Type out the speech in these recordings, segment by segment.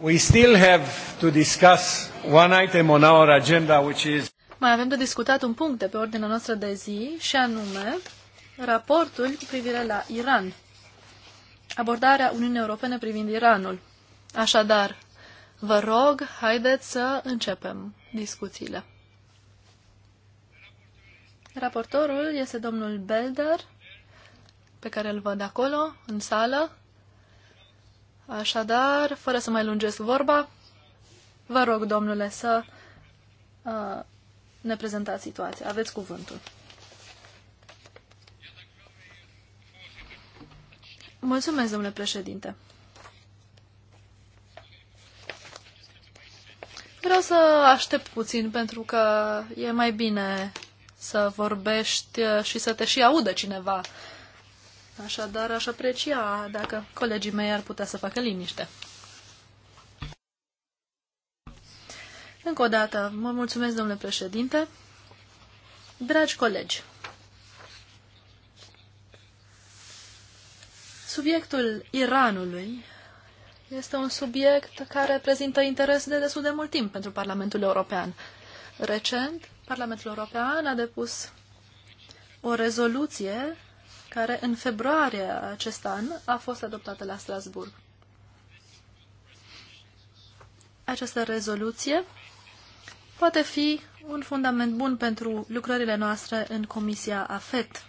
We still have to discuss one item on our agenda, which is... Mai avem de discutat un punct de pe ordinea noastră de zi, și anume raportul cu privire la Iran. Abordarea Uniunii Europene privind Iranul. Așadar, vă rog, haideți să începem discuțiile. Raportorul este domnul Belder, pe care îl văd acolo, în sală. Așadar, fără să mai lungesc vorba, vă rog, domnule, să uh, ne prezentați situația. Aveți cuvântul. Mulțumesc, domnule președinte. Vreau să aștept puțin pentru că e mai bine să vorbești și să te și audă cineva Așadar, aș aprecia dacă colegii mei ar putea să facă liniște. Încă o dată, mă mulțumesc, domnule președinte. Dragi colegi, subiectul Iranului este un subiect care prezintă interes de destul de mult timp pentru Parlamentul European. Recent, Parlamentul European a depus o rezoluție care în februarie acest an a fost adoptată la Strasburg. Această rezoluție poate fi un fundament bun pentru lucrările noastre în Comisia AFET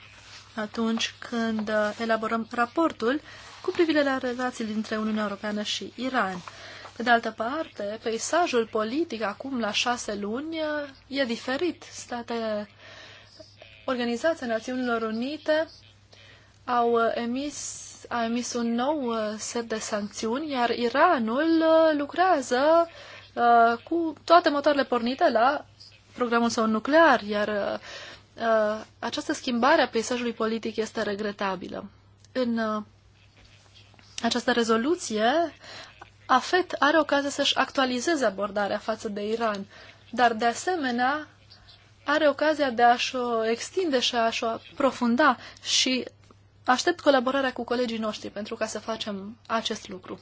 atunci când elaborăm raportul cu privire la relații dintre Uniunea Europeană și Iran. Pe de altă parte, peisajul politic acum la șase luni e diferit. State Organizația Națiunilor Unite au uh, emis, a emis un nou uh, set de sancțiuni, iar Iranul uh, lucrează uh, cu toate motoarele pornite la programul său nuclear, iar uh, această schimbare a peisajului politic este regretabilă. În uh, această rezoluție, AFET are ocazia să-și actualizeze abordarea față de Iran, dar de asemenea are ocazia de a-și o extinde și a-și o profunda și Aștept colaborarea cu colegii noștri pentru ca să facem acest lucru.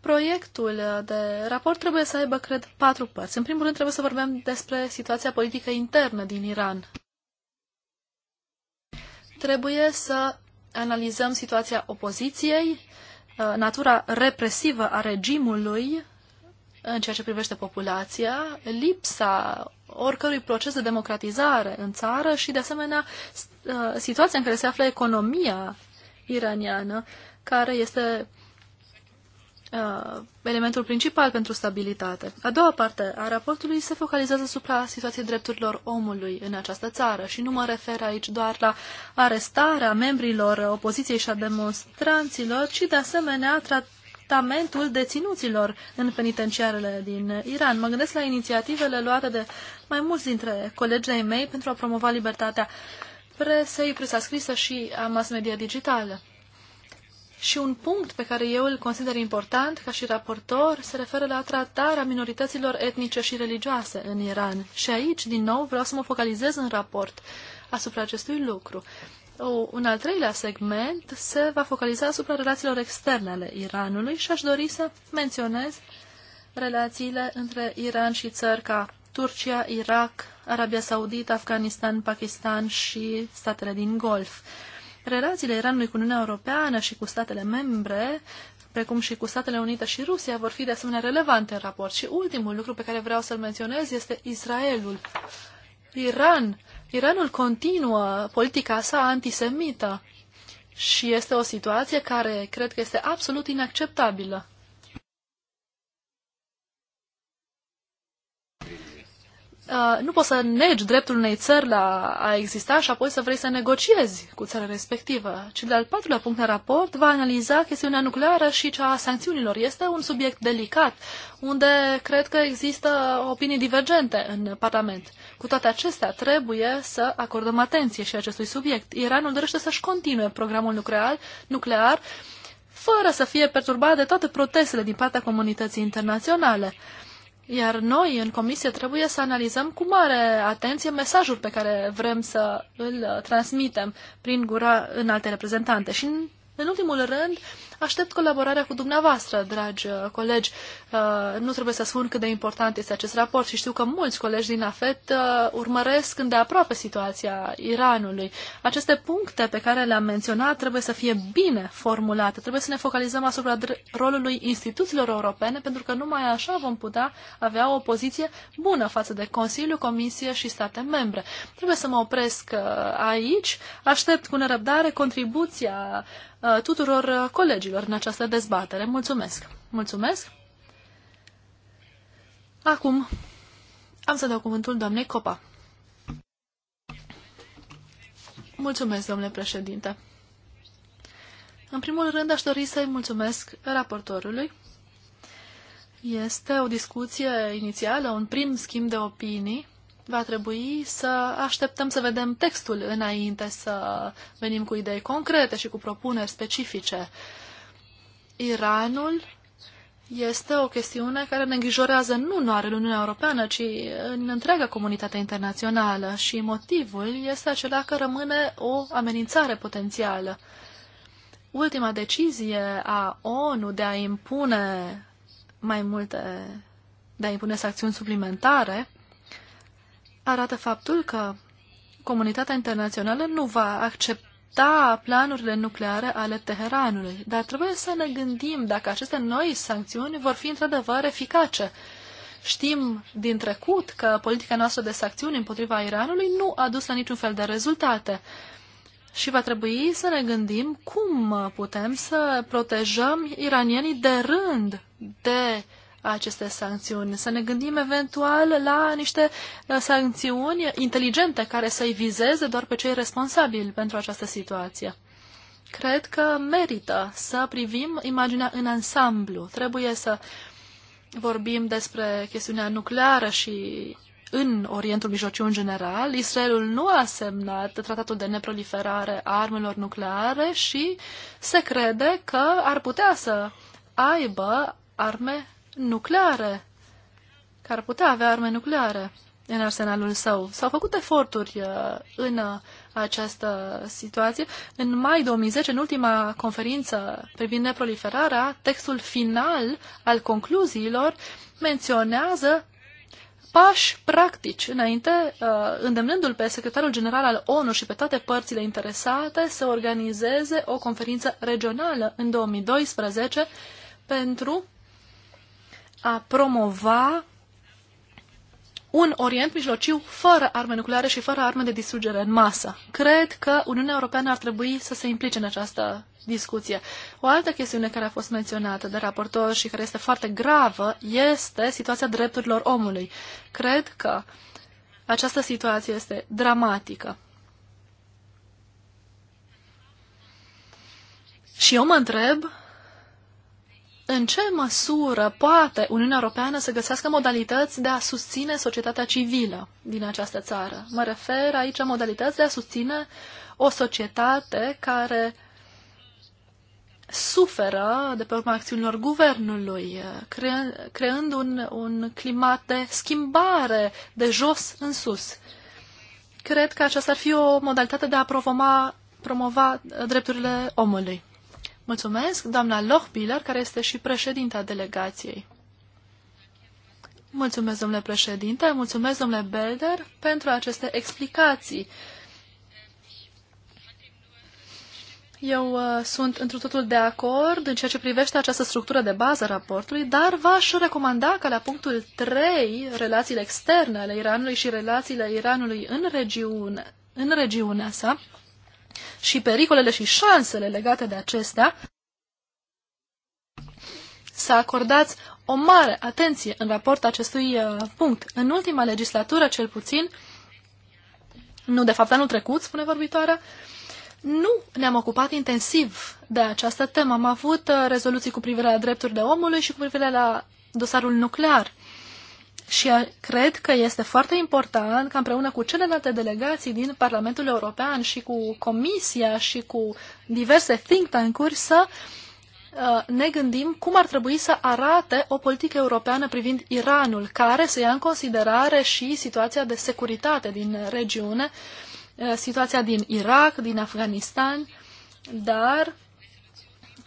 Proiectul de raport trebuie să aibă, cred, patru părți. În primul rând, trebuie să vorbim despre situația politică internă din Iran. Trebuie să analizăm situația opoziției, uh, natura represivă a regimului în ceea ce privește populația, lipsa oricărui proces de democratizare în țară și, de asemenea, uh, situația în care se află economia iraniană, care este uh, elementul principal pentru stabilitate. A doua parte a raportului se focalizează asupra situației drepturilor omului în această țară și nu mă refer aici doar la arestarea membrilor opoziției și a demonstranților, ci de asemenea tra- tratamentul deținuților în penitenciarele din Iran. Mă gândesc la inițiativele luate de mai mulți dintre colegii mei pentru a promova libertatea presei, presa scrisă și a mass media digitală. Și un punct pe care eu îl consider important ca și raportor se referă la tratarea minorităților etnice și religioase în Iran. Și aici, din nou, vreau să mă focalizez în raport asupra acestui lucru un al treilea segment se va focaliza asupra relațiilor externe ale Iranului și aș dori să menționez relațiile între Iran și țări ca Turcia, Irak, Arabia Saudită, Afganistan, Pakistan și statele din Golf. Relațiile Iranului cu Uniunea Europeană și cu statele membre, precum și cu Statele Unite și Rusia, vor fi de asemenea relevante în raport. Și ultimul lucru pe care vreau să-l menționez este Israelul. Iran Iranul continuă politica sa antisemită și este o situație care cred că este absolut inacceptabilă. Uh, nu poți să negi dreptul unei țări la a exista și apoi să vrei să negociezi cu țara respectivă. Cel de-al patrulea punct de raport va analiza chestiunea nucleară și cea a sancțiunilor. Este un subiect delicat, unde cred că există opinii divergente în Parlament. Cu toate acestea, trebuie să acordăm atenție și acestui subiect. Iranul dorește să-și continue programul nuclear, nuclear fără să fie perturbat de toate protestele din partea comunității internaționale. Iar noi, în comisie, trebuie să analizăm cu mare atenție mesajul pe care vrem să îl transmitem prin gura în alte reprezentante. Și, în ultimul rând, Aștept colaborarea cu dumneavoastră, dragi uh, colegi. Uh, nu trebuie să spun cât de important este acest raport și știu că mulți colegi din AFET uh, urmăresc îndeaproape situația Iranului. Aceste puncte pe care le-am menționat trebuie să fie bine formulate. Trebuie să ne focalizăm asupra rolului instituțiilor europene, pentru că numai așa vom putea avea o poziție bună față de Consiliu, Comisie și state membre. Trebuie să mă opresc aici. Aștept cu nerăbdare contribuția tuturor colegilor dragilor, în această dezbatere. Mulțumesc! Mulțumesc! Acum am să dau cuvântul doamnei Copa. Mulțumesc, domnule președinte! În primul rând, aș dori să-i mulțumesc raportorului. Este o discuție inițială, un prim schimb de opinii. Va trebui să așteptăm să vedem textul înainte să venim cu idei concrete și cu propuneri specifice Iranul este o chestiune care ne îngrijorează nu doar în Uniunea Europeană, ci în întreaga comunitate internațională și motivul este acela că rămâne o amenințare potențială. Ultima decizie a ONU de a impune mai multe, de a impune sancțiuni suplimentare, arată faptul că comunitatea internațională nu va accepta accepta planurile nucleare ale Teheranului, dar trebuie să ne gândim dacă aceste noi sancțiuni vor fi într-adevăr eficace. Știm din trecut că politica noastră de sancțiuni împotriva Iranului nu a dus la niciun fel de rezultate. Și va trebui să ne gândim cum putem să protejăm iranienii de rând de aceste sancțiuni. Să ne gândim eventual la niște sancțiuni inteligente care să-i vizeze doar pe cei responsabili pentru această situație. Cred că merită să privim imaginea în ansamblu. Trebuie să vorbim despre chestiunea nucleară și în Orientul Mijlociu în general, Israelul nu a semnat tratatul de neproliferare a armelor nucleare și se crede că ar putea să aibă arme nucleare, care putea avea arme nucleare în arsenalul său. S-au făcut eforturi uh, în această situație. În mai 2010, în ultima conferință privind neproliferarea, textul final al concluziilor menționează pași practici înainte, uh, îndemnându-l pe secretarul general al ONU și pe toate părțile interesate să organizeze o conferință regională în 2012 pentru a promova un Orient mijlociu fără arme nucleare și fără arme de distrugere în masă. Cred că Uniunea Europeană ar trebui să se implice în această discuție. O altă chestiune care a fost menționată de raportor și care este foarte gravă este situația drepturilor omului. Cred că această situație este dramatică. Și eu mă întreb în ce măsură poate Uniunea Europeană să găsească modalități de a susține societatea civilă din această țară. Mă refer aici modalități de a susține o societate care suferă de pe urma acțiunilor guvernului, cre- creând un, un climat de schimbare de jos în sus. Cred că aceasta ar fi o modalitate de a promova, promova drepturile omului. Mulțumesc, doamna Lochbiller, care este și președinta delegației. Mulțumesc, domnule președinte, mulțumesc, domnule Belder, pentru aceste explicații. Eu uh, sunt într totul de acord în ceea ce privește această structură de bază a raportului, dar v-aș recomanda ca la punctul 3, relațiile externe ale Iranului și relațiile Iranului în regiune, în regiunea sa, și pericolele și șansele legate de acestea, să acordați o mare atenție în raport acestui uh, punct. În ultima legislatură, cel puțin, nu de fapt anul trecut, spune vorbitoarea, nu ne-am ocupat intensiv de această temă. Am avut uh, rezoluții cu privire la drepturile omului și cu privire la dosarul nuclear. Și cred că este foarte important ca împreună cu celelalte delegații din Parlamentul European și cu Comisia și cu diverse think tank-uri să uh, ne gândim cum ar trebui să arate o politică europeană privind Iranul, care să ia în considerare și situația de securitate din regiune, uh, situația din Irak, din Afganistan, dar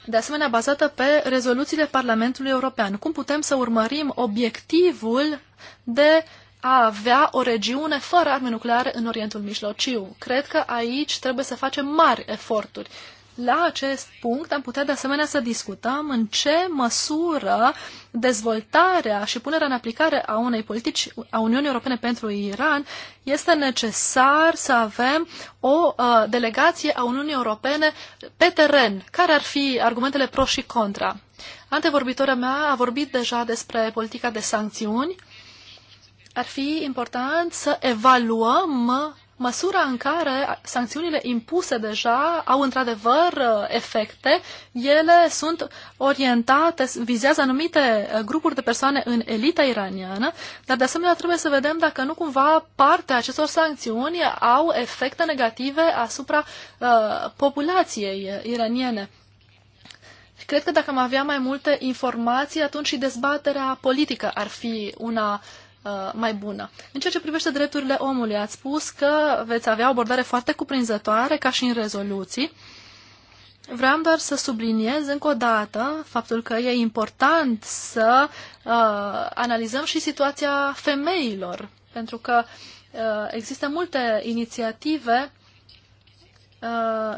de asemenea bazată pe rezoluțiile Parlamentului European. Cum putem să urmărim obiectivul de a avea o regiune fără arme nucleare în Orientul Mijlociu. Cred că aici trebuie să facem mari eforturi. La acest punct am putea de asemenea să discutăm în ce măsură dezvoltarea și punerea în aplicare a unei politici a Uniunii Europene pentru Iran este necesar să avem o uh, delegație a Uniunii Europene pe teren. Care ar fi argumentele pro și contra? Antevorbitoarea mea a vorbit deja despre politica de sancțiuni ar fi important să evaluăm măsura în care sancțiunile impuse deja au într-adevăr uh, efecte, ele sunt orientate, vizează anumite uh, grupuri de persoane în elita iraniană, dar de asemenea trebuie să vedem dacă nu cumva partea acestor sancțiuni au efecte negative asupra uh, populației uh, iraniene. Cred că dacă am avea mai multe informații, atunci și dezbaterea politică ar fi una uh, Uh, mai bună. În ceea ce privește drepturile omului, ați spus că veți avea o abordare foarte cuprinzătoare, ca și în rezoluții. Vreau doar să subliniez încă o dată faptul că e important să uh, analizăm și situația femeilor, pentru că uh, există multe inițiative uh,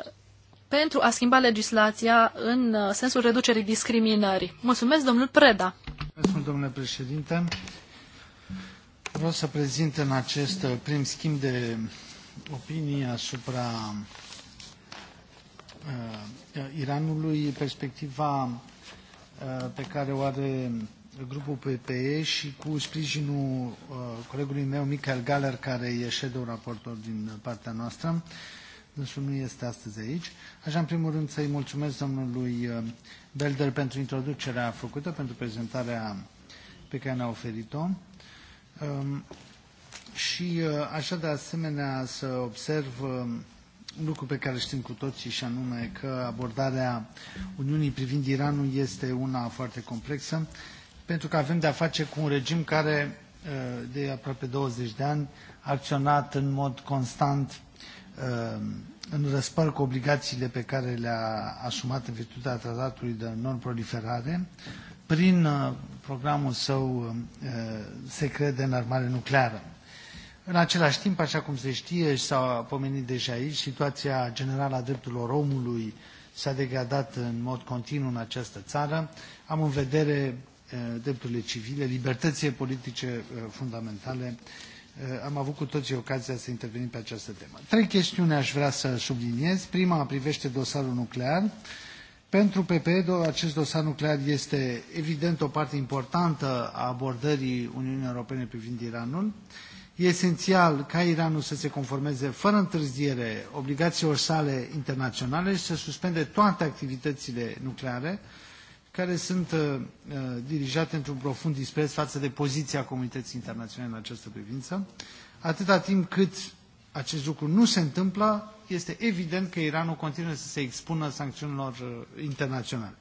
pentru a schimba legislația în uh, sensul reducerii discriminării. Mulțumesc, domnul Preda. Mulțumesc, domnule președinte. Vreau să prezint în acest uh, prim schimb de opinii asupra uh, Iranului perspectiva uh, pe care o are grupul PPE și cu sprijinul uh, colegului meu, Michael Galler, care e shadow raportor din partea noastră. Dânsul nu este astăzi aici. Așa, în primul rând, să-i mulțumesc domnului uh, Belder pentru introducerea făcută, pentru prezentarea pe care ne-a oferit-o. Um, și uh, așa de asemenea să observ um, un lucru pe care știm cu toții și anume că abordarea Uniunii privind Iranul este una foarte complexă pentru că avem de-a face cu un regim care uh, de aproape 20 de ani a acționat în mod constant um, în răspăr cu obligațiile pe care le-a asumat în virtutea tratatului de non-proliferare prin uh, programul său uh, uh, secret de înarmare nucleară. În același timp, așa cum se știe și s-a pomenit deja aici, situația generală a drepturilor omului s-a degradat în mod continuu în această țară. Am în vedere drepturile civile, libertățile politice fundamentale. Am avut cu toții ocazia să intervenim pe această temă. Trei chestiuni aș vrea să subliniez. Prima privește dosarul nuclear. Pentru PPE, acest dosar nuclear este evident o parte importantă a abordării Uniunii Europene privind Iranul. E esențial ca Iranul să se conformeze fără întârziere obligațiilor sale internaționale și să suspende toate activitățile nucleare care sunt uh, uh dirijate într-un profund dispreț față de poziția comunității internaționale în această privință. Atâta timp cât acest lucru nu se întâmplă, este evident că Iranul continuă să se expună sancțiunilor uh, internaționale.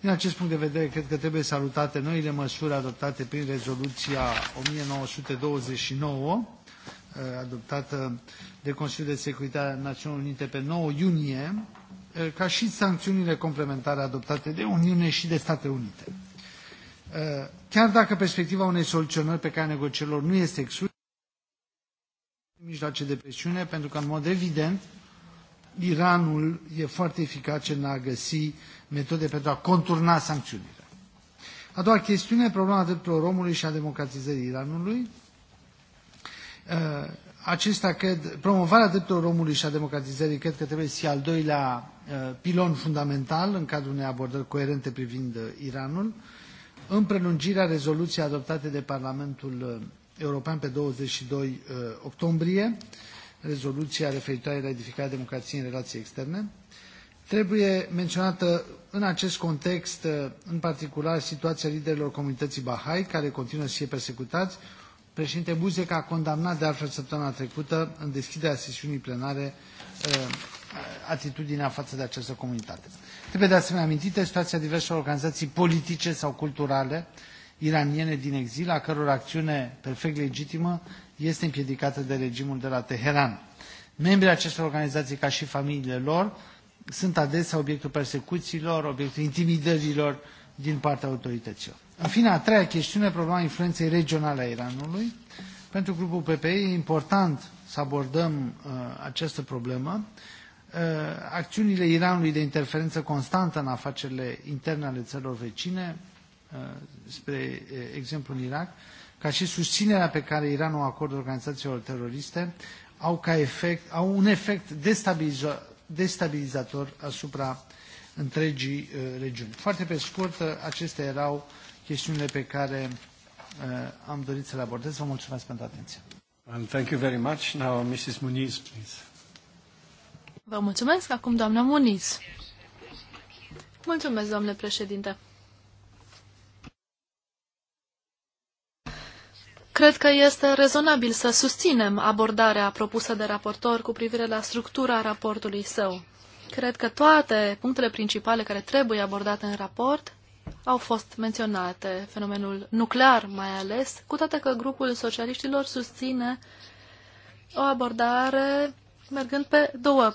Din acest punct de vedere, cred că trebuie salutate noile măsuri adoptate prin rezoluția 1929, uh, adoptată de Consiliul de Securitate al Națiunilor Unite pe 9 iunie, uh, ca și sancțiunile complementare adoptate de Uniune și de Statele Unite. Chiar dacă perspectiva unei soluționări pe care negocierilor nu este exclusă, mijloace de presiune, pentru că, în mod evident, Iranul e foarte eficace în a găsi metode pentru a conturna sancțiunile. A doua chestiune, problema drepturilor omului și a democratizării Iranului. Uh, acesta cred, promovarea drepturilor omului și a democratizării cred că trebuie să fie al doilea uh, pilon fundamental în cadrul unei abordări coerente privind uh, Iranul, în prelungirea rezoluției adoptate de Parlamentul european pe 22 uh, octombrie, rezoluția referitoare la edificarea democrației în relații externe. Trebuie menționată în acest context, uh, în particular, situația liderilor comunității Bahai, care continuă să fie persecutați. Președinte Buzek a condamnat de altfel săptămâna trecută, în deschiderea sesiunii plenare, uh, atitudinea față de această comunitate. Trebuie de asemenea amintită situația diverselor organizații politice sau culturale iraniene din exil, a căror acțiune perfect legitimă este împiedicată de regimul de la Teheran. Membrii acestor organizații, ca și familiile lor, sunt adesea obiectul persecuțiilor, obiectul intimidărilor din partea autorităților. În fine, a treia chestiune, problema influenței regionale a Iranului. Pentru grupul PPE e important să abordăm uh, această problemă. Uh, acțiunile Iranului de interferență constantă în afacerile interne ale țărilor vecine Uh, spre uh, exemplu în Irak, ca și susținerea pe care Iranul o acordă organizațiilor teroriste, au, ca efect, au un efect destabilizator, destabilizator asupra întregii uh, regiuni. Foarte pe scurt, acestea erau chestiunile pe care am dorit să le abordez. Vă mulțumesc pentru atenție. Well, thank you very much. Now, Mrs. Muniz, please. Vă mulțumesc. Acum, doamna Muniz. Mulțumesc, domnule președinte. Cred că este rezonabil să susținem abordarea propusă de raportor cu privire la structura raportului său. Cred că toate punctele principale care trebuie abordate în raport au fost menționate, fenomenul nuclear mai ales, cu toate că grupul socialiștilor susține o abordare mergând pe două,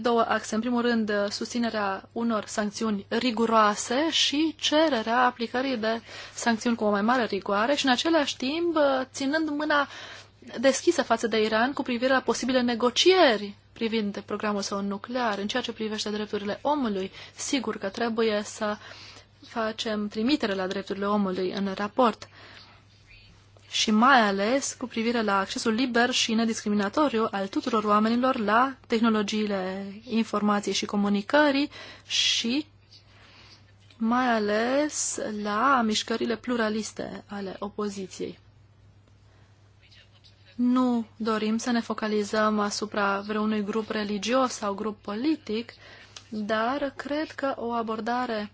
două axe. În primul rând, susținerea unor sancțiuni riguroase și cererea aplicării de sancțiuni cu o mai mare rigoare și, în același timp, ținând mâna deschisă față de Iran cu privire la posibile negocieri privind programul său nuclear, în ceea ce privește drepturile omului. Sigur că trebuie să facem trimitere la drepturile omului în raport. Uh, și mai ales cu privire la accesul liber și nediscriminatoriu al tuturor oamenilor la tehnologiile informației și comunicării și mai ales la mișcările pluraliste ale opoziției. Nu dorim să ne focalizăm asupra vreunui grup religios sau grup politic, dar cred că o abordare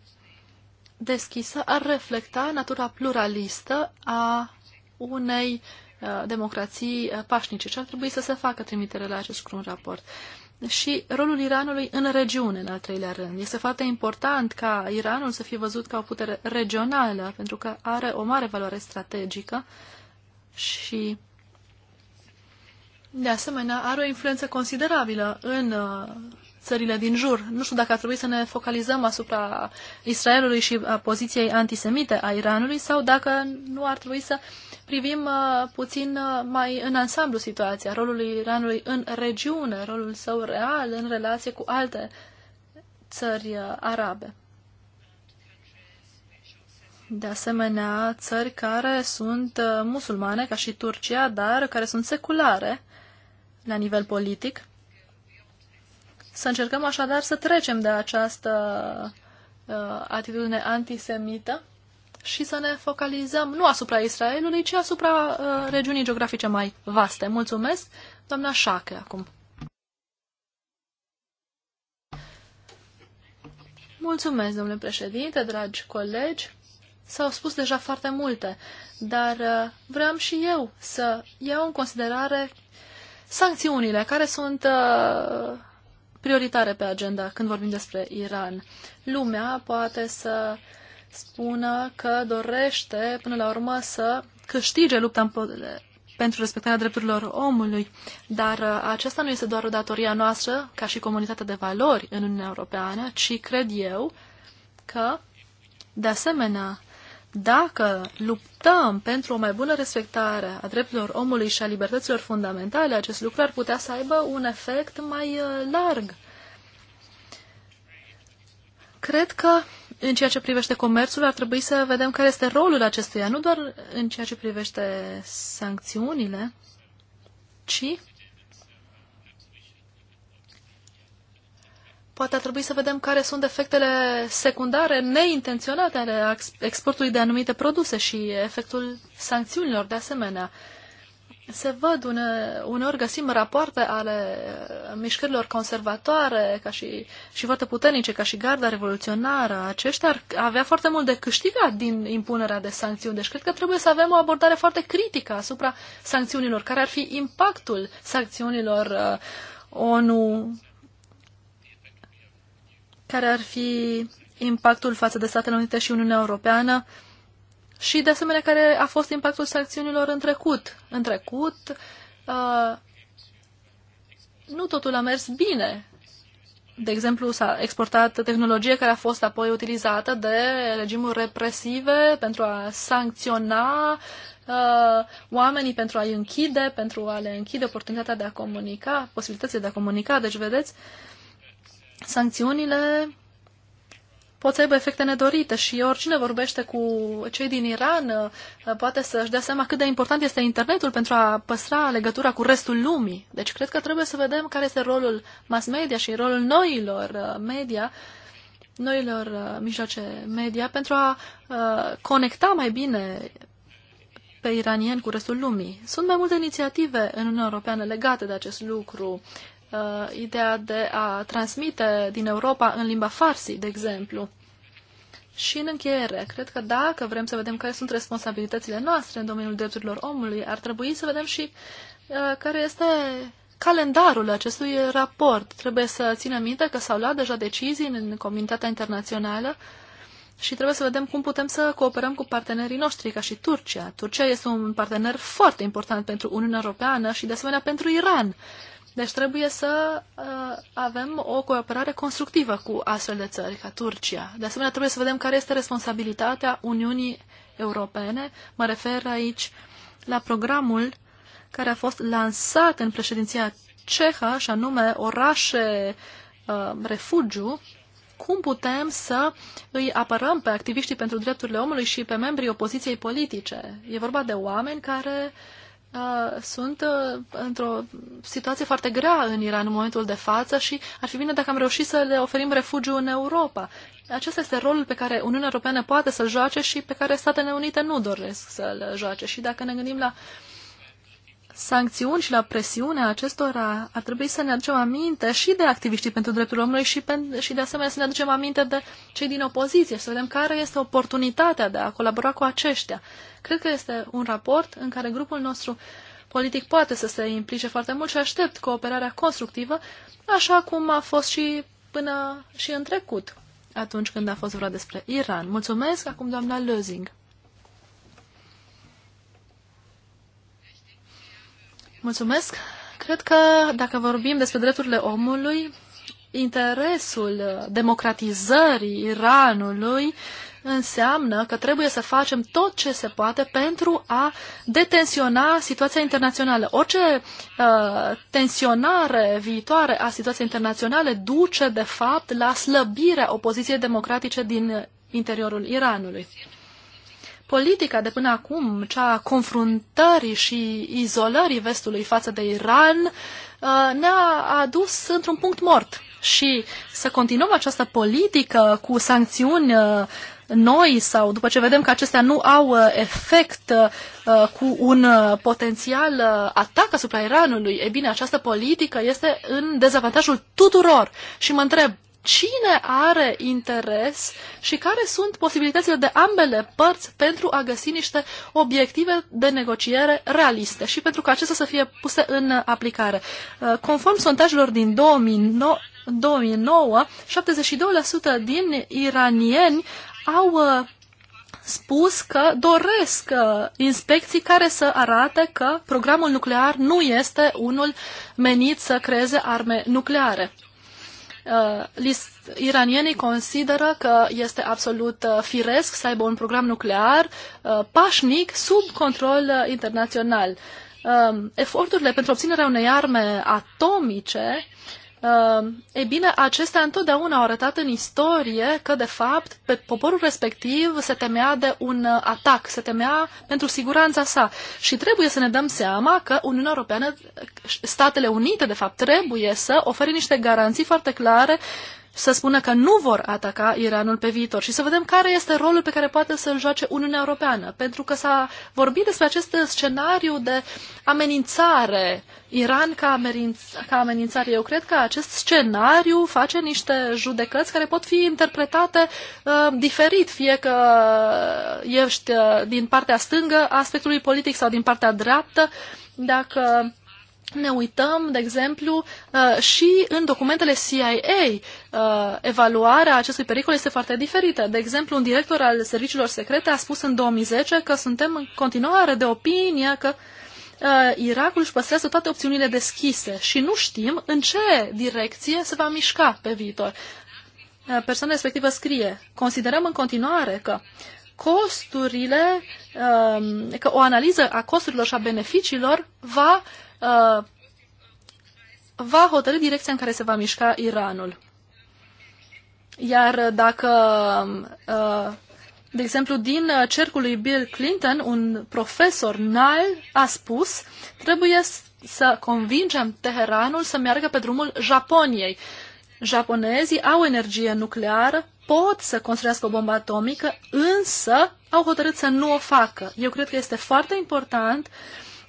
deschisă ar reflecta natura pluralistă a unei uh, democrații uh, pașnice ce ar trebui să se facă trimitere la acest scrum raport. Și rolul Iranului în regiune, al treilea rând. Este foarte important ca Iranul să fie văzut ca o putere regională, pentru că are o mare valoare strategică și, de asemenea, are o influență considerabilă în uh, țările din jur. Nu știu dacă ar trebui să ne focalizăm asupra Israelului și a poziției antisemite a Iranului sau dacă nu ar trebui să privim uh, puțin uh, mai în ansamblu situația, rolul Iranului în regiune, rolul său real în relație cu alte țări uh, arabe. De asemenea, țări care sunt uh, musulmane, ca și Turcia, dar care sunt seculare la nivel politic să încercăm așadar să trecem de această uh, atitudine antisemită și să ne focalizăm nu asupra Israelului, ci asupra uh, regiunii geografice mai vaste. Mulțumesc, doamna Șacă, acum. Mulțumesc, domnule președinte, dragi colegi. S-au spus deja foarte multe, dar uh, vreau și eu să iau în considerare sancțiunile care sunt uh, prioritare pe agenda când vorbim despre Iran. Lumea poate să spună că dorește, până la urmă, să câștige lupta pentru respectarea drepturilor omului, dar uh, aceasta nu este doar o datoria noastră ca și comunitate de valori în Uniunea Europeană, ci cred eu că, de asemenea, dacă luptăm pentru o mai bună respectare a drepturilor omului și a libertăților fundamentale, acest lucru ar putea să aibă un efect mai uh, larg. Cred că în ceea ce privește comerțul ar trebui să vedem care este rolul acestuia, nu doar în ceea ce privește sancțiunile, ci Poate ar trebui să vedem care sunt efectele secundare neintenționate ale exportului de anumite produse și efectul sancțiunilor de asemenea. Se văd, une, uneori găsim rapoarte ale mișcărilor conservatoare ca și, și foarte puternice, ca și garda revoluționară. Aceștia ar avea foarte mult de câștigat din impunerea de sancțiuni. Deci cred că trebuie să avem o abordare foarte critică asupra sancțiunilor. Care ar fi impactul sancțiunilor uh, ONU care ar fi impactul față de Statele Unite și Uniunea Europeană și, de asemenea, care a fost impactul sancțiunilor în trecut. În trecut, uh, nu totul a mers bine. De exemplu, s-a exportat tehnologie care a fost apoi utilizată de regimuri represive pentru a sancționa uh, oamenii, pentru a-i închide, pentru a le închide oportunitatea de a comunica, posibilitățile de a comunica. Deci, vedeți, uh, sancțiunile pot să aibă efecte nedorite și oricine vorbește cu cei din Iran uh, poate să-și dea seama cât de important este internetul pentru a păstra legătura cu restul lumii. Deci cred că trebuie să vedem care este rolul mass media și rolul noilor uh, media, noilor uh, mijloace media pentru a conecta mai bine pe iranieni cu restul lumii. Sunt mai multe inițiative în Uniunea Europeană legate de acest lucru uh, ideea de a transmite din Europa în limba farsi, de exemplu. Și în încheiere, cred că dacă vrem să vedem care sunt responsabilitățile noastre în domeniul drepturilor omului, ar trebui să vedem și uh, care este calendarul acestui raport. Trebuie să ținem minte că s-au luat deja decizii în comunitatea internațională și trebuie să vedem cum putem să cooperăm cu partenerii noștri, ca și Turcia. Turcia este un partener foarte important pentru Uniunea Europeană și, de asemenea, pentru Iran. Deci trebuie să uh, avem o cooperare constructivă cu astfel de țări, ca Turcia. De asemenea, trebuie să vedem care este responsabilitatea Uniunii Europene. Mă refer aici la programul care a fost lansat în președinția cehă, și anume orașe uh, refugiu, cum putem să îi apărăm pe activiștii pentru drepturile omului și pe membrii opoziției politice. E vorba de oameni care uh, sunt într-o situație foarte grea în Iran în momentul de față și ar fi bine dacă am reușit să le oferim refugiu în Europa. Acesta este rolul pe care Uniunea Europeană poate să-l joace și pe care Statele Unite nu doresc să-l joace. Și dacă ne gândim la uh, sancțiuni și la presiunea acestora ar trebui să ne aducem aminte și de activiștii pentru drepturile omului și, pe, și de asemenea să ne aducem aminte de cei din opoziție și să vedem care este oportunitatea de a colabora cu aceștia. Cred că este un raport în care grupul nostru politic poate să se implice foarte mult și aștept cooperarea constructivă, așa cum a fost și până și în trecut, atunci când a fost vorba despre Iran. Mulțumesc, acum doamna Lözing. Mulțumesc. Cred că dacă vorbim despre drepturile omului, interesul democratizării Iranului înseamnă că trebuie să facem tot ce se poate pentru a detensiona situația internațională. Orice uh, tensionare viitoare a situației internaționale duce, de fapt, la slăbirea opoziției democratice din interiorul Iranului politica de până acum, cea a confruntării și izolării vestului față de Iran, uh, ne-a adus într-un punct mort. Și să continuăm această politică cu sancțiuni uh, noi sau după ce vedem că acestea nu au uh, efect cu un potențial atac asupra Iranului, e bine, această politică este în dezavantajul tuturor. Și mă întreb, cine are interes și care sunt posibilitățile de ambele părți pentru a găsi niște obiective de negociere realiste și pentru ca acestea să fie puse în aplicare. Uh, conform sondajelor din 2009, 72% din iranieni au uh, spus că doresc uh, inspecții care să arate că programul nuclear nu este unul menit să creeze arme nucleare. Uh, iranienii consideră că este absolut uh, firesc să aibă un program nuclear uh, pașnic sub control internațional. Um, eforturile pentru obținerea unei arme atomice E ehm, bine, acestea întotdeauna au arătat în istorie că, de fapt, pe poporul respectiv se temea de un uh, atac, se temea pentru siguranța sa. Și trebuie să ne dăm seama că Uniunea Europeană, Statele Unite, de fapt, trebuie să ofere niște garanții foarte clare să spună că nu vor ataca Iranul pe viitor și să vedem care este rolul pe care poate să-l joace Uniunea Europeană. Pentru că s-a vorbit despre acest scenariu de amenințare, Iran ca, ameninț- ca amenințare. Eu cred că acest scenariu face niște judecăți care pot fi interpretate uh, diferit, fie că ești uh, din partea stângă a aspectului politic sau din partea dreaptă. Dacă ne uităm, de exemplu, uh, și în documentele CIA, uh, evaluarea acestui pericol este foarte diferită. De exemplu, un director al serviciilor secrete a spus în 2010 că suntem în continuare de opinie că uh, Irakul își păstrează toate opțiunile deschise și nu știm în ce direcție se va mișca pe viitor. Persoana respectivă scrie, considerăm în continuare că costurile, um, că o analiză a costurilor și a beneficiilor va uh, Uh, va hotărâ direcția în care se va mișca Iranul. Iar dacă, uh, de exemplu, din cercul lui Bill Clinton, un profesor Nal a spus, trebuie să convingem Teheranul să meargă pe drumul Japoniei. Japonezii au energie nucleară, pot să construiască o bombă atomică, însă au hotărât să nu o facă. Eu cred că este foarte important uh,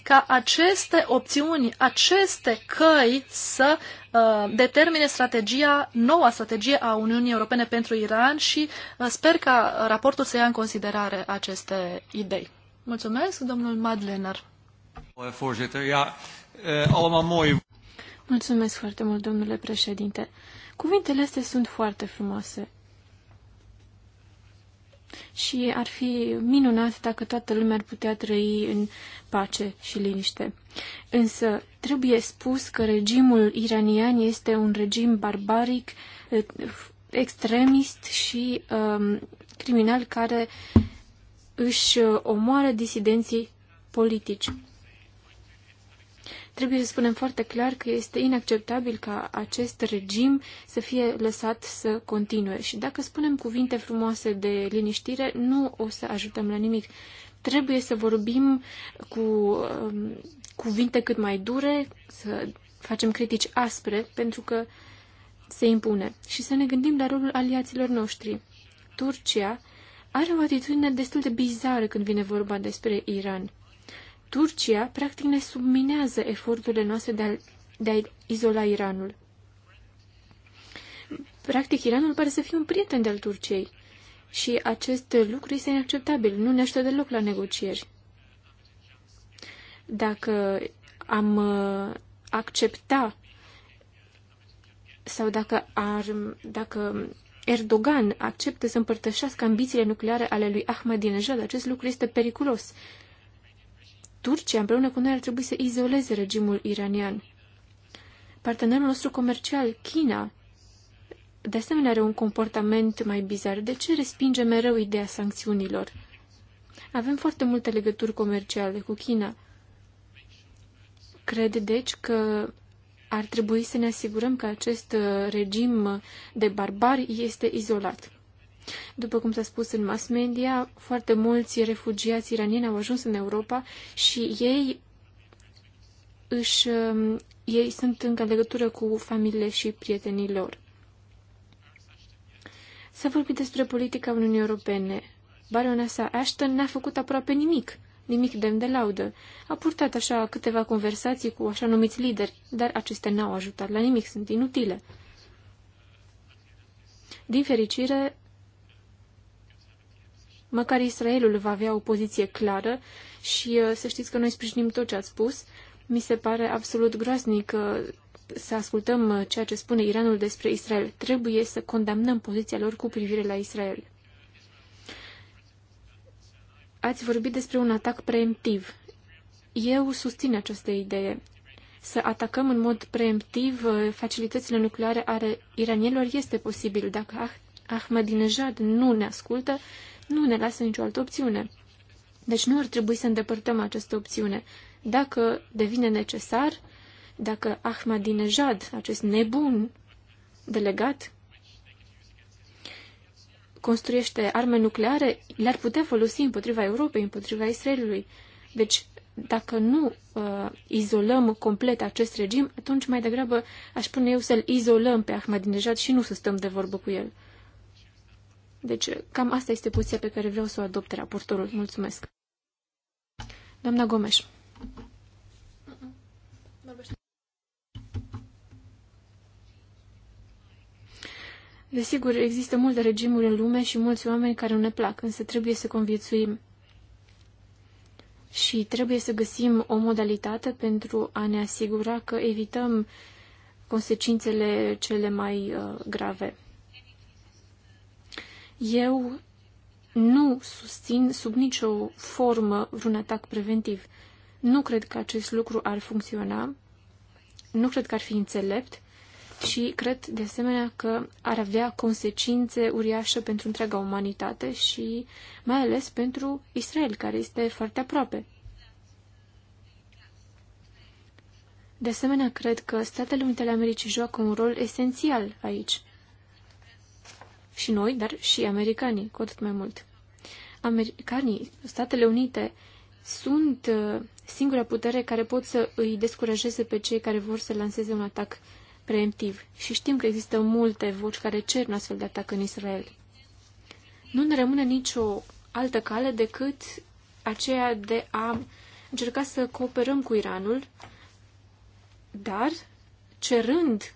ca aceste opțiuni, aceste căi să uh, determine strategia, noua strategie a Uniunii Europene pentru Iran și uh, sper ca raportul să ia în considerare aceste idei. Mulțumesc, domnul Madlener. Uh, Mulțumesc foarte mult, domnule președinte. Cuvintele astea sunt foarte frumoase și ar fi minunat dacă toată lumea ar putea trăi în pace și liniște. Însă trebuie spus că regimul iranian este un regim barbaric, eh, extremist și um, criminal care își eh, omoară disidenții politici. Trebuie să spunem foarte clar că este inacceptabil ca acest regim să fie lăsat să continue și dacă spunem cuvinte frumoase de liniștire, nu o să ajutăm la nimic. Trebuie să vorbim cu um, cuvinte cât mai dure, să facem critici aspre, pentru că se impune. Și să ne gândim la rolul aliaților noștri. Turcia are o atitudine destul de bizară când vine vorba despre Iran. Turcia practic ne subminează eforturile noastre de a, de a izola Iranul. Practic, Iranul pare să fie un prieten de-al Turciei și acest lucru este inacceptabil, nu ne ajută deloc la negocieri. Dacă am uh, accepta sau dacă, ar, dacă Erdogan acceptă să împărtășească ambițiile nucleare ale lui Ahmadinejad, acest lucru este periculos. Turcia împreună cu noi ar trebui să izoleze regimul iranian. Partenerul nostru comercial, China, de asemenea are un comportament mai bizar. De ce respinge mereu ideea sancțiunilor? Avem foarte multe legături comerciale cu China. Cred, deci, că ar trebui să ne asigurăm că acest uh, regim de barbari este izolat. După cum s-a spus în mass media, foarte mulți refugiați iranieni au ajuns în Europa și ei își, um, ei sunt încă în legătură cu familiile și prietenii lor. S-a vorbit despre politica Uniunii Europene. Baronesa Ashton n-a făcut aproape nimic, nimic demn de laudă. A purtat așa câteva conversații cu așa numiți lideri, dar acestea n-au ajutat la nimic, sunt inutile. Din fericire, Măcar Israelul va avea o poziție clară și uh, să știți că noi sprijinim tot ce ați spus. Mi se pare absolut groaznic să ascultăm uh, ceea ce spune Iranul despre Israel. Trebuie să condamnăm poziția lor cu privire la Israel. Ați vorbit despre un atac preemptiv. Eu susțin această idee. Să atacăm în mod preemptiv uh, facilitățile nucleare ale iranienilor este posibil. Dacă Ahmadinejad nu ne ascultă, nu ne lasă nicio altă opțiune. Deci nu ar trebui să îndepărtăm această opțiune. Dacă devine necesar, dacă Ahmadinejad, acest nebun delegat, construiește arme nucleare, le-ar putea folosi împotriva Europei, împotriva Israelului. Deci, dacă nu uh, izolăm complet acest regim, atunci mai degrabă aș spune eu să-l izolăm pe Ahmadinejad și nu să stăm de vorbă cu el. Deci, cam asta este poziția pe care vreau să o adopte raportorul. Mulțumesc. Doamna Gomes. Desigur, există multe regimuri în lume și mulți oameni care nu ne plac, însă trebuie să conviețuim și trebuie să găsim o modalitate pentru a ne asigura că evităm consecințele cele mai uh, grave. Eu nu susțin sub nicio formă vreun atac preventiv. Nu cred că acest lucru ar funcționa, nu cred că ar fi înțelept și cred de asemenea că ar avea consecințe uriașe pentru întreaga umanitate și mai ales pentru Israel, care este foarte aproape. De asemenea, cred că Statele Unite ale Americii joacă un rol esențial aici și noi, dar și americanii, cu atât mai mult. Americanii, Statele Unite, sunt uh, singura putere care pot să îi descurajeze pe cei care vor să lanseze un atac preemptiv. Și știm că există multe voci care cer un astfel de atac în Israel. Nu ne rămâne nicio altă cale decât aceea de a încerca să cooperăm cu Iranul, dar cerând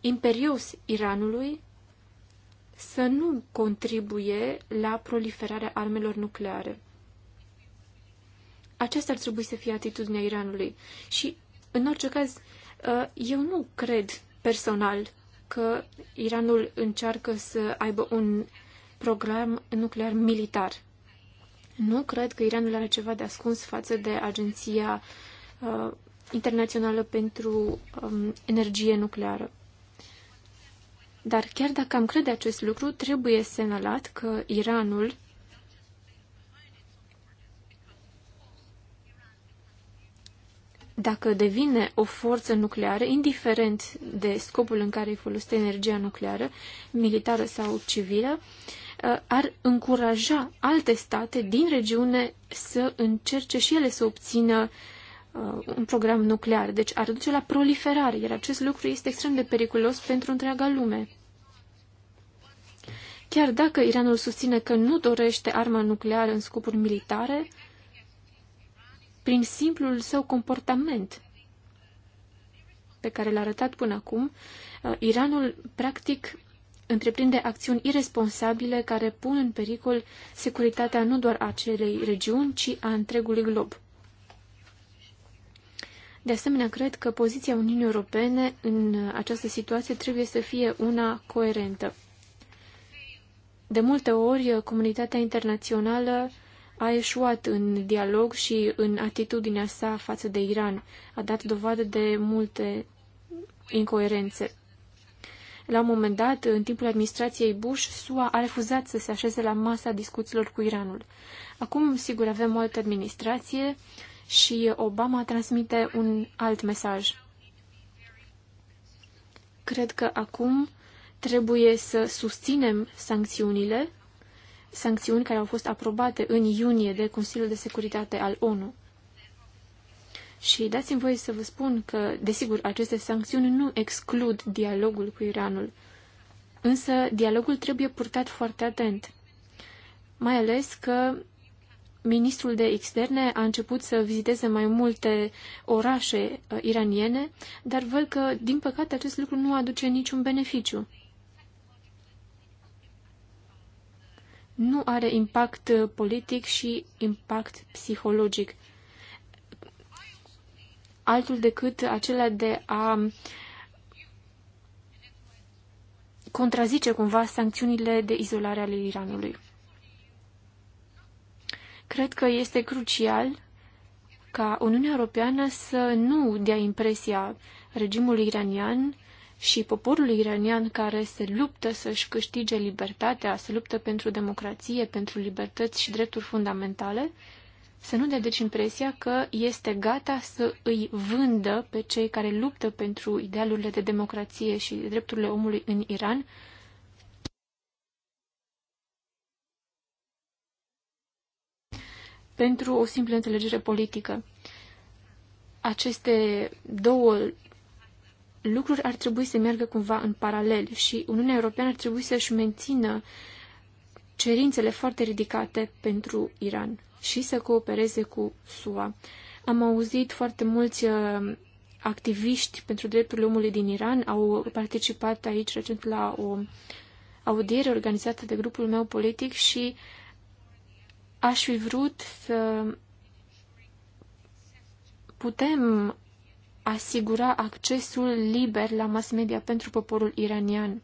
imperios Iranului să nu contribuie la proliferarea armelor nucleare. Aceasta ar trebui să fie atitudinea Iranului. Și, în orice caz, uh, eu nu cred personal că Iranul încearcă să aibă un program nuclear militar. Nu cred că Iranul are ceva de ascuns față de Agenția uh, Internațională pentru um, Energie Nucleară. Dar chiar dacă am crede acest lucru, trebuie semnalat că Iranul dacă devine o forță nucleară, indiferent de scopul în care îi folosește energia nucleară, militară sau civilă, uh, ar încuraja alte state din regiune să încerce și ele să obțină uh, un program nuclear. Deci ar duce la proliferare, iar acest lucru este extrem de periculos pentru întreaga lume. Chiar dacă Iranul susține că nu dorește armă nucleară în scopuri militare, prin simplul său comportament pe care l-a arătat până acum, uh, Iranul practic întreprinde acțiuni irresponsabile care pun în pericol securitatea nu doar a acelei regiuni, ci a întregului glob. De asemenea, cred că poziția Uniunii Europene în această situație trebuie să fie una coerentă. De multe ori, comunitatea internațională a eșuat în dialog și în atitudinea sa față de Iran. A dat dovadă de multe incoerențe. La un moment dat, în timpul administrației Bush, SUA a refuzat să se așeze la masa discuțiilor cu Iranul. Acum, sigur, avem o altă administrație și Obama transmite un alt mesaj. Cred că acum Trebuie să susținem sancțiunile, sancțiuni care au fost aprobate în iunie de Consiliul de Securitate al ONU. Și dați-mi voie să vă spun că, desigur, aceste sancțiuni nu exclud dialogul cu Iranul, însă dialogul trebuie purtat foarte atent. Mai ales că ministrul de externe a început să viziteze mai multe orașe uh, iraniene, dar văd că, din păcate, acest lucru nu aduce niciun beneficiu. nu are impact uh, politic și impact psihologic. Altul decât acela de a contrazice cumva sancțiunile de izolare ale Iranului. Cred că este crucial ca Uniunea Europeană să nu dea impresia regimului iranian și poporul iranian care se luptă să-și câștige libertatea, se luptă pentru democrație, pentru libertăți și drepturi fundamentale, să nu dea deci impresia că este gata să îi vândă pe cei care luptă pentru idealurile de democrație și drepturile omului în Iran, pentru o simplă înțelegere politică. Aceste două lucruri ar trebui să meargă cumva în paralel și Uniunea Europeană ar trebui să-și mențină cerințele foarte ridicate pentru Iran și să coopereze cu SUA. Am auzit foarte mulți uh, activiști pentru drepturile omului din Iran, au participat aici recent la o audiere organizată de grupul meu politic și aș fi vrut să putem asigura accesul liber la mass media pentru poporul iranian.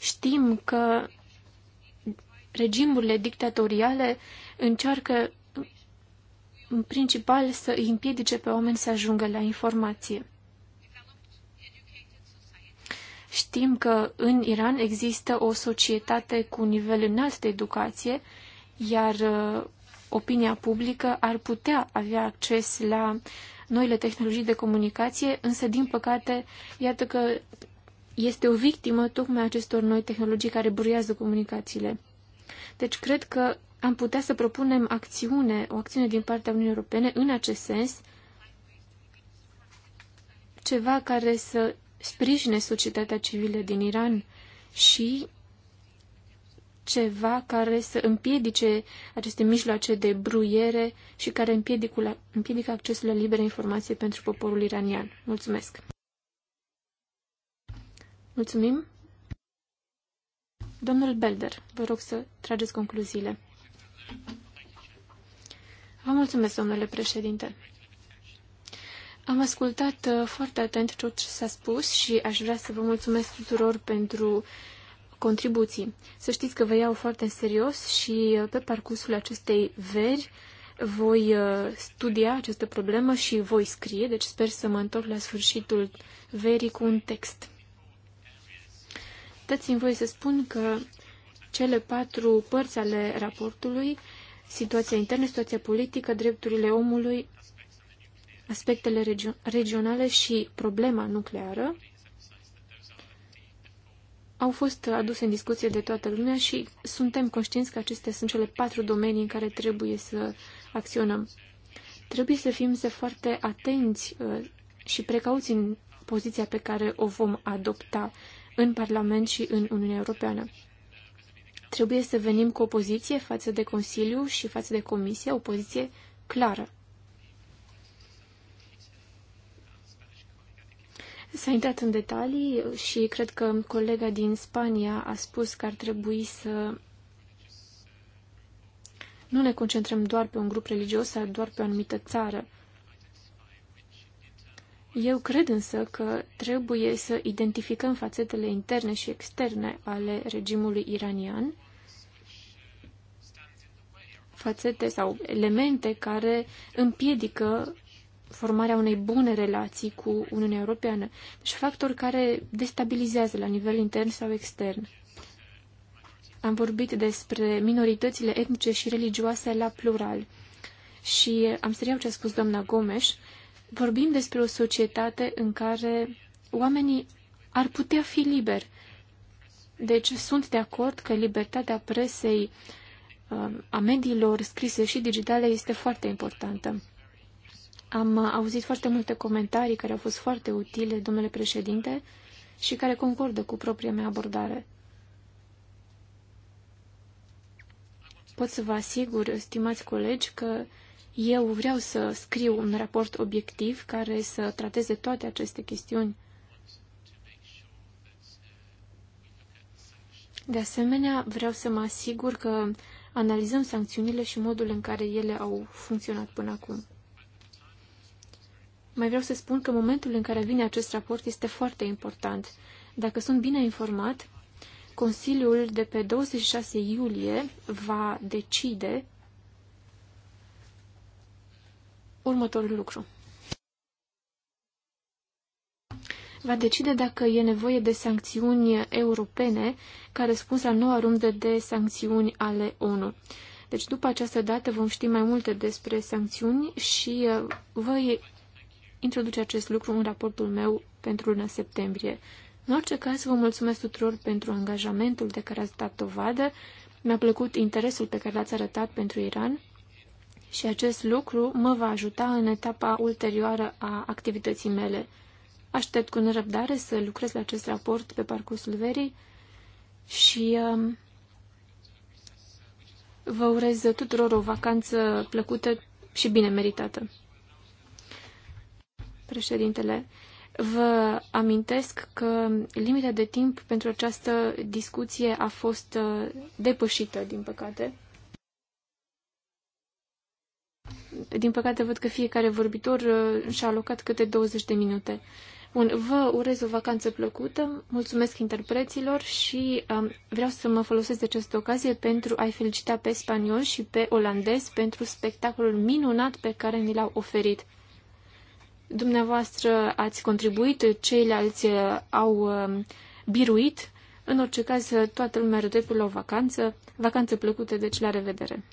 Știm că regimurile dictatoriale încearcă în principal să îi împiedice pe oameni să ajungă la informație. Știm că în Iran există o societate cu nivel înalt de educație, iar uh, opinia publică ar putea avea acces la noile tehnologii de comunicație, însă, din păcate, iată că este o victimă tocmai acestor noi tehnologii care buruiază comunicațiile. Deci, cred că am putea să propunem acțiune, o acțiune din partea Uniunii Europene în acest sens, ceva care să sprijine societatea civilă din Iran și ceva care să împiedice aceste mijloace de bruiere și care împiedică, accesul la liberă informație pentru poporul iranian. Mulțumesc! Mulțumim! Domnul Belder, vă rog să trageți concluziile. Vă mulțumesc, domnule președinte. Am ascultat uh, foarte atent tot ce s-a spus și aș vrea să vă mulțumesc tuturor pentru uh, contribuții. Să știți că vă iau foarte în serios și uh, pe parcursul acestei veri voi uh, studia această problemă și voi scrie, deci sper să mă întorc la sfârșitul verii cu un text. Dați-mi voi să spun că cele patru părți ale raportului, situația internă, situația politică, drepturile omului, aspectele regio regionale și problema nucleară, au fost aduse în discuție de toată lumea și suntem conștienți că acestea sunt cele patru domenii în care trebuie să acționăm. Trebuie să fim să foarte atenți uh, și precauți în poziția pe care o vom adopta în Parlament și în Uniunea Europeană. Trebuie să venim cu o poziție față de Consiliu și față de Comisie, o poziție clară. S-a intrat în detalii și cred că colega din Spania a spus că ar trebui să nu ne concentrăm doar pe un grup religios sau doar pe o anumită țară. Eu cred însă că trebuie să identificăm fațetele interne și externe ale regimului iranian, fațete sau elemente care împiedică formarea unei bune relații cu Uniunea Europeană. Deci factori care destabilizează la nivel intern sau extern. Am vorbit despre minoritățile etnice și religioase la plural. Și am să ce a spus doamna Gomes. Vorbim despre o societate în care oamenii ar putea fi liberi. Deci sunt de acord că libertatea presei, um, a mediilor scrise și digitale este foarte importantă. Am auzit foarte multe comentarii care au fost foarte utile, domnule președinte, și care concordă cu propria mea abordare. Pot să vă asigur, stimați colegi, că eu vreau să scriu un raport obiectiv care să trateze toate aceste chestiuni. De asemenea, vreau să mă asigur că analizăm sancțiunile și modul în care ele au funcționat până acum mai vreau să spun că momentul în care vine acest raport este foarte important. Dacă sunt bine informat, Consiliul de pe 26 iulie va decide următorul lucru. Va decide dacă e nevoie de sancțiuni europene ca răspuns la noua rundă de sancțiuni ale ONU. Deci după această dată vom ști mai multe despre sancțiuni și uh, voi introduce acest lucru în raportul meu pentru luna septembrie. În orice caz, vă mulțumesc tuturor pentru angajamentul de care ați dat dovadă. Mi-a plăcut interesul pe care l-ați arătat pentru Iran și acest lucru mă va ajuta în etapa ulterioară a activității mele. Aștept cu nerăbdare să lucrez la acest raport pe parcursul verii și um, vă urez tuturor o vacanță plăcută și bine meritată. Președintele, vă amintesc că limita de timp pentru această discuție a fost uh, depășită, din păcate. Din păcate, văd că fiecare vorbitor uh, și-a alocat câte 20 de minute. Bun, vă urez o vacanță plăcută, mulțumesc interpreților și um, vreau să mă folosesc de această ocazie pentru a-i felicita pe spaniol și pe olandez pentru spectacolul minunat pe care ni l-au oferit. Dumneavoastră ați contribuit, ceilalți uh, au uh, biruit. În orice caz, uh, toată lumea are dreptul la o vacanță. Vacanțe plăcută, deci la revedere!